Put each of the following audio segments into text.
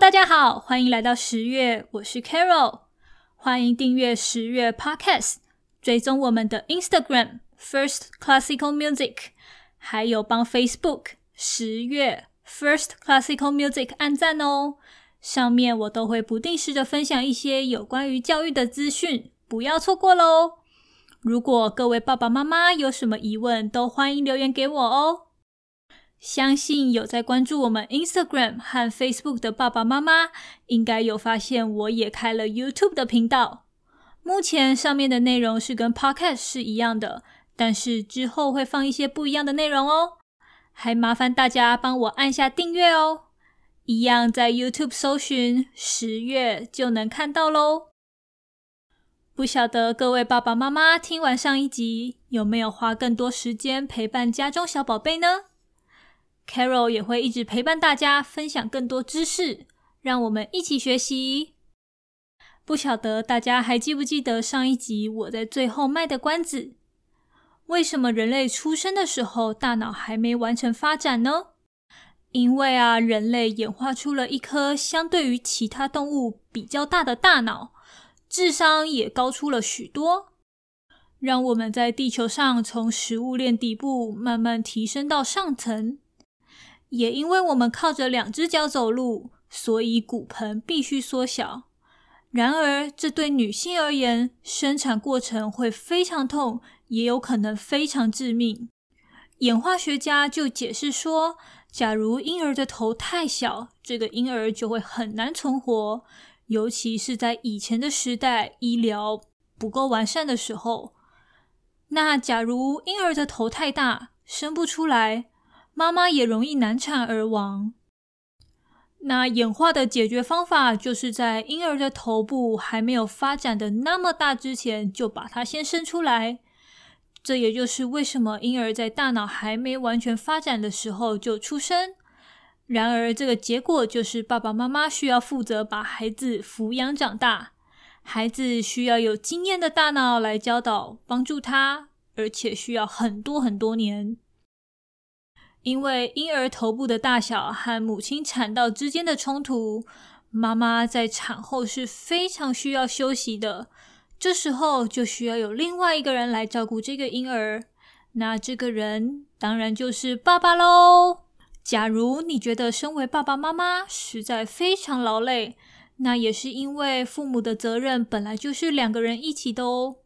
大家好，歡迎來到十月，我是 Carol。歡迎訂閱十月 Podcast，追蹤我們的 Instagram First Classical Music，還有幫 Facebook 十月 First Classical Music 按讚哦。上面我都會不定時地分享一些有關於教育的資訊，不要錯過嘍。如果各位爸爸媽媽有什麼疑問，都歡迎留言給我哦。相信有在關注我們 Instagram 和 Facebook 的爸爸媽媽，應該有發現我也開了 YouTube 的頻道。目前上面的內容是跟 Podcast 是一樣的，但是之後會放一些不一樣的內容哦。還麻煩大家幫我按下訂閱哦，一樣在 YouTube 搜尋，十月就能看到嘍。不曉得各位爸爸媽媽聽完上一集有沒有花更多時間陪伴家中小寶貝呢？Carol 也會一直陪伴大家，分享更多知識，讓我們一起學習。不曉得大家還記不記得上一集我在最後賣的關子？為什麼人類出生的時候大腦還沒完成發展呢？因為啊，人類演化出了一顆相對於其他動物比較大的大腦，智商也高出了許多，讓我們在地球上從食物鏈底部慢慢提升到上層。也因為我們靠着兩隻腳走路，所以骨盆必須縮小。然而，這對女性而言，生產過程會非常痛，也有可能非常致命。演化學家就解釋說，假如嬰兒的頭太小，這個嬰兒就會很難存活，尤其是在以前的時代，醫療不夠完善的時候。那假如嬰兒的頭太大，生不出來，媽媽也容易難產而亡。那演化的解決方法，就是在嬰兒的頭部還沒有發展的那麼大之前，就把它先生出來。這也就是為什麼嬰兒在大腦還沒完全發展的時候就出生。然而，這個結果就是爸爸媽媽需要負責把孩子撫養長大，孩子需要有經驗的大腦來教導幫助他，而且需要很多很多年。因為嬰兒頭部的大小和母親產道之間的衝突，媽媽在產後是非常需要休息的。這時候就需要有另外一個人來照顧這個嬰兒。那這個人當然就是爸爸嘍。假如你覺得身為爸爸媽媽實在非常勞累，那也是因為父母的責任本來就是兩個人一起的哦。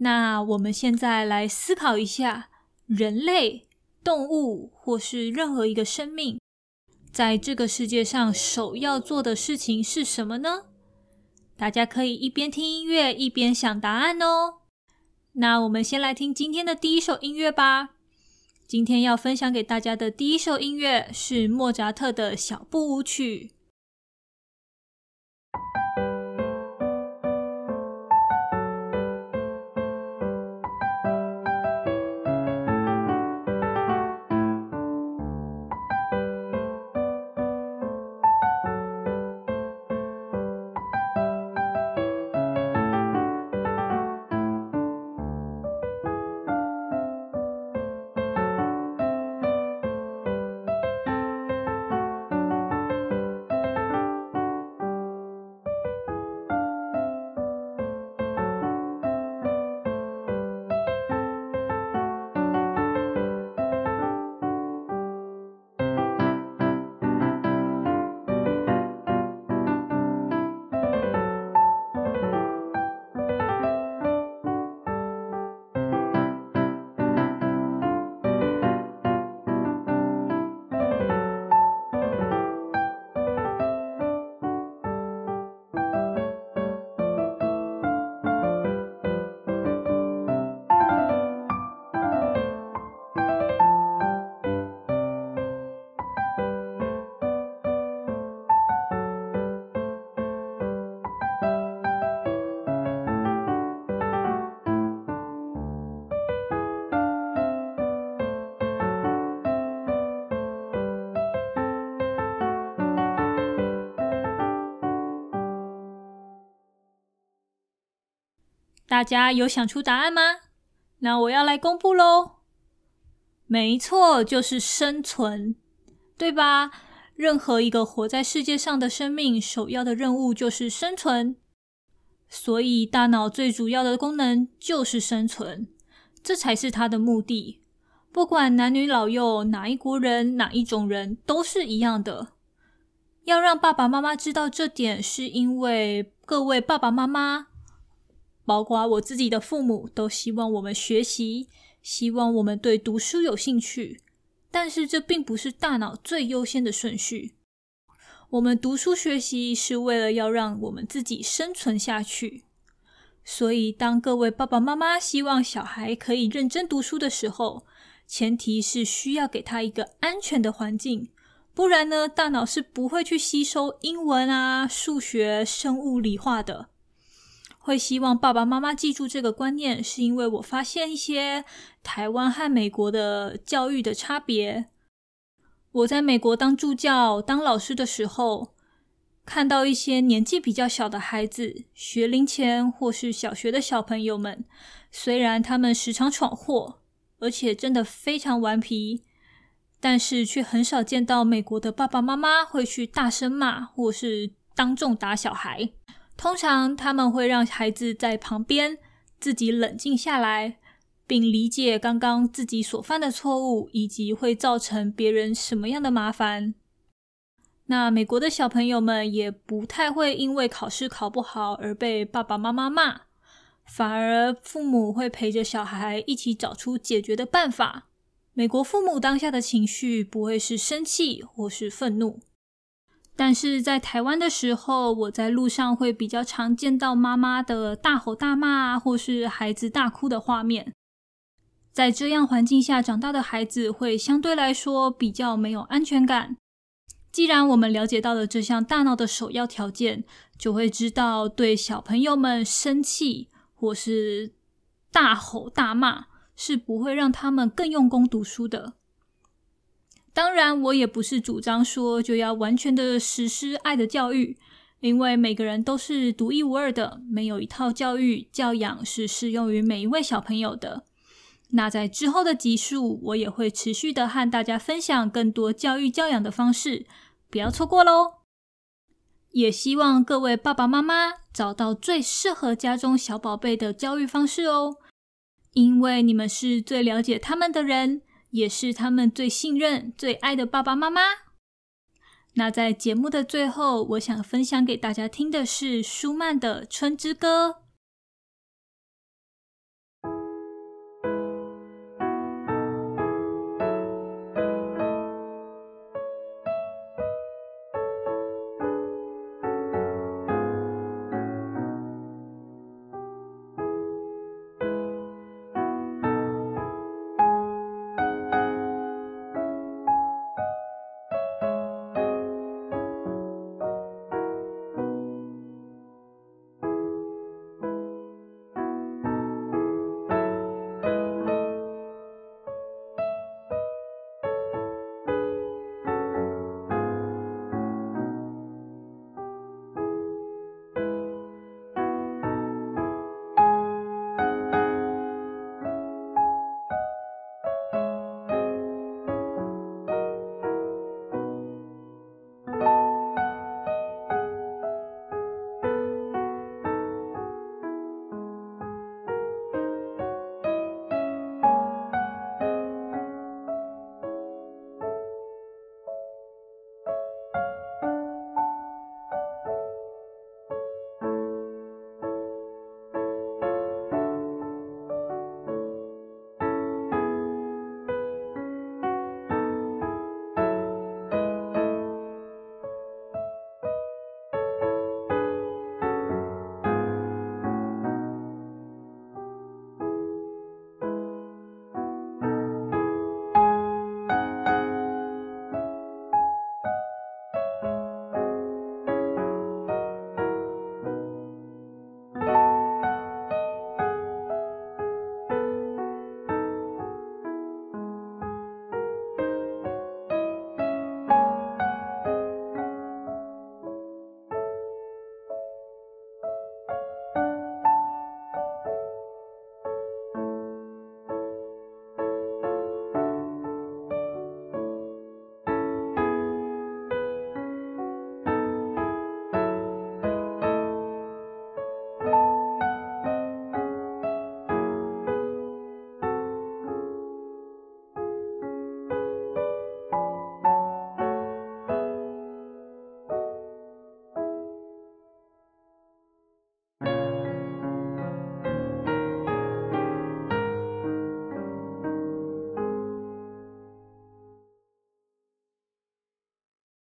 那我們現在來思考一下人類。動物或是任何一個生命，在這個世界上首要做的事情是什麼呢？大家可以一邊聽音樂，一邊想答案哦。那我們先來聽今天的第一首音樂吧。今天要分享給大家的第一首音樂是莫扎特的小步舞曲。大家有想出答案嗎？那我要來公布嘍。沒錯，就是生存，對吧？任何一個活在世界上的生命，首要的任務就是生存。所以，大腦最主要的功能就是生存，這才是它的目的。不管男女老幼，哪一國人，哪一種人，都是一樣的。要讓爸爸媽媽知道這點，是因為各位爸爸媽媽。包括我自己的父母，都希望我們學習，希望我們對讀書有興趣。但是這並不是大腦最優先的順序。我們讀書學習是為了要讓我們自己生存下去。所以，當各位爸爸媽媽希望小孩可以認真讀書的時候，前提是需要給他一個安全的環境，不然呢，大腦是不會去吸收英文啊、數學、生物理化的。的會希望爸爸媽媽記住這個觀念，是因為我發現一些台灣和美國的教育的差別。我在美國當助教、當老師的時候，看到一些年紀比較小的孩子，學齡前或是小學的小朋友們，雖然他們時常闖禍，而且真的非常頑皮，但是卻很少見到美國的爸爸媽媽會去大聲罵或是當眾打小孩。通常他們會讓孩子在旁邊自己冷靜下來，並理解剛剛自己所犯的錯誤，以及會造成別人什麼樣的麻煩。那美國的小朋友們也不太會因為考試考不好而被爸爸媽媽罵，反而父母會陪着小孩一起找出解決的辦法。美國父母當下的情緒不會是生氣或是憤怒。但是在台灣的時候，我在路上會比較常見到媽媽的大吼大罵啊，或是孩子大哭的畫面。在這樣環境下長大的孩子會相對來說比較沒有安全感。既然我們了解到了這項大腦的首要條件，就會知道對小朋友們生氣或是大吼大罵是不會讓他們更用功讀書的。當然，我也不是主張說就要完全的實施愛的教育，因為每個人都是獨一無二的，沒有一套教育教養是適用於每一位小朋友的。那在之後的集數，我也會持續的和大家分享更多教育教養的方式，不要錯過嘍。也希望各位爸爸媽媽找到最適合家中小寶貝的教育方式哦，因為你們是最了解他們的人。也是他們最信任最愛的爸爸媽媽。那在節目的最後，我想分享給大家聽的是舒曼的《春之歌》。